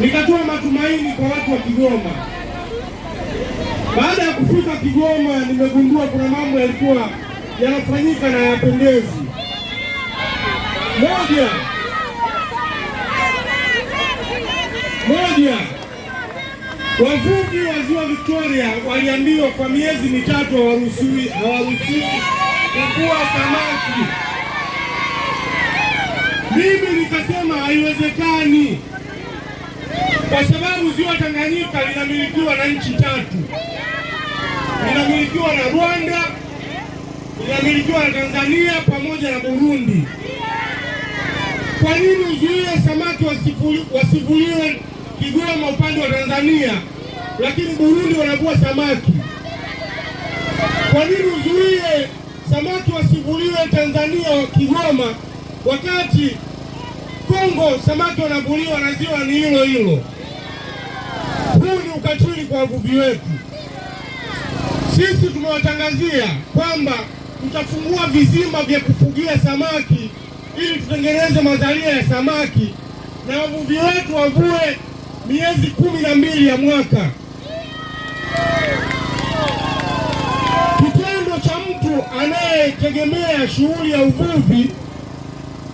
nikatoa matumaini kwa watu wa Kigoma. Baada ya kufika Kigoma, nimegundua kuna mambo yalikuwa yanafanyika na yapendezi. Moja moja, wavuvi wa ziwa Victoria waliambiwa kwa miezi mitatu hawaruhusiwi kuvua samaki. Mimi nikasema haiwezekani kwa sababu ziwa Tanganyika linamilikiwa na nchi tatu, linamilikiwa na Rwanda, linamilikiwa na Tanzania pamoja na Burundi. Kwa nini uzuie samaki wasivuliwe Kigoma upande wa Tanzania, lakini Burundi wanavua samaki? Kwa nini uzuie samaki wasivuliwe Tanzania wa Kigoma, wakati Kongo samaki wanavuliwa na ziwa ni hilo hilo? huu ni ukatili kwa wavuvi wetu. Sisi tumewatangazia kwamba tutafungua vizima vya kufugia samaki ili tutengeneze mazalia ya samaki na wavuvi wetu wavue miezi kumi na mbili ya mwaka. Kitendo cha mtu anayetegemea shughuli ya uvuvi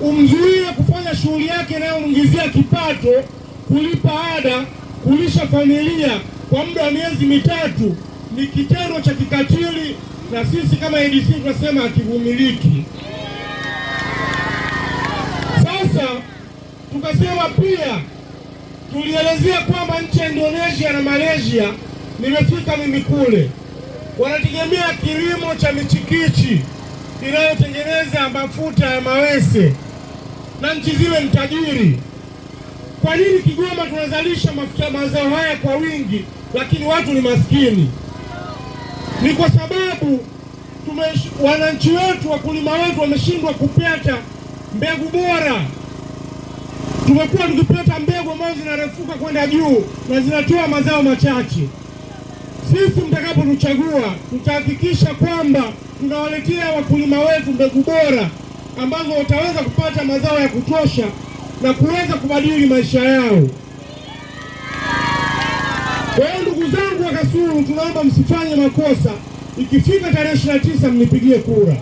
umzuie kufanya shughuli yake inayomuingizia kipato, kulipa ada kulisha familia kwa muda wa miezi mitatu ni kitendo cha kikatili, na sisi kama ADC tunasema hakivumiliki. Sasa tukasema pia, tulielezea kwamba nchi ya Indonesia na Malaysia, nimefika mimi kule, wanategemea kilimo cha michikichi inayotengeneza mafuta ya mawese na nchi zile ni tajiri. Kwa nini Kigoma tunazalisha mafuta mazao haya kwa wingi, lakini watu ni maskini? Ni kwa sababu wananchi wetu wakulima wetu wameshindwa kupata mbegu bora. Tumekuwa tukipata mbegu ambazo zinarefuka kwenda juu na zinatoa mazao machache. Sisi mtakapotuchagua, tutahakikisha kwamba tunawaletea wakulima wetu mbegu bora ambazo wataweza kupata mazao ya kutosha na kuweza kubadili maisha yao. Kwa hiyo ndugu zangu wa Kasulu, tunaomba msifanye makosa. Ikifika tarehe ishirini na tisa mnipigie kura.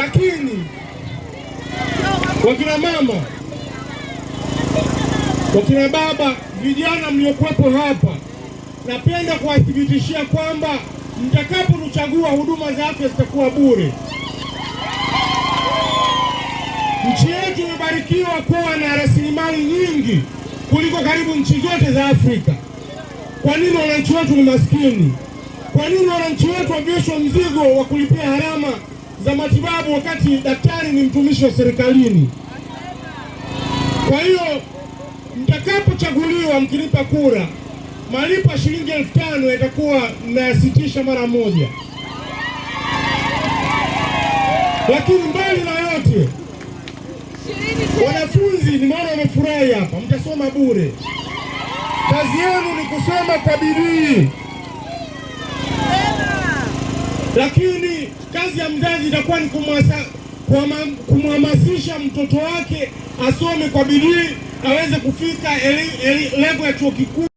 Lakini wakina mama, wakina baba, vijana mliokuwepo hapa, napenda kuwathibitishia kwamba mtakaponichagua, huduma za afya zitakuwa bure. Nchi yetu imebarikiwa kuwa na rasilimali nyingi kuliko karibu nchi zote za Afrika. Kwa nini wananchi wetu ni maskini? Kwa nini wananchi wetu wavyeshwa mzigo wa kulipia gharama za matibabu wakati daktari ni mtumishi wa serikalini? Kwa hiyo mtakapochaguliwa, mkinipa kura malipo ya shilingi elfu tano yatakuwa mnayasitisha mara moja. Lakini mbali na yote, wanafunzi nimeona wamefurahi hapa, mtasoma bure. Kazi yenu ni kusoma kwa bidii, lakini kazi ya mzazi itakuwa ni kumhamasisha mtoto wake asome kwa bidii aweze kufika level ya chuo kikuu.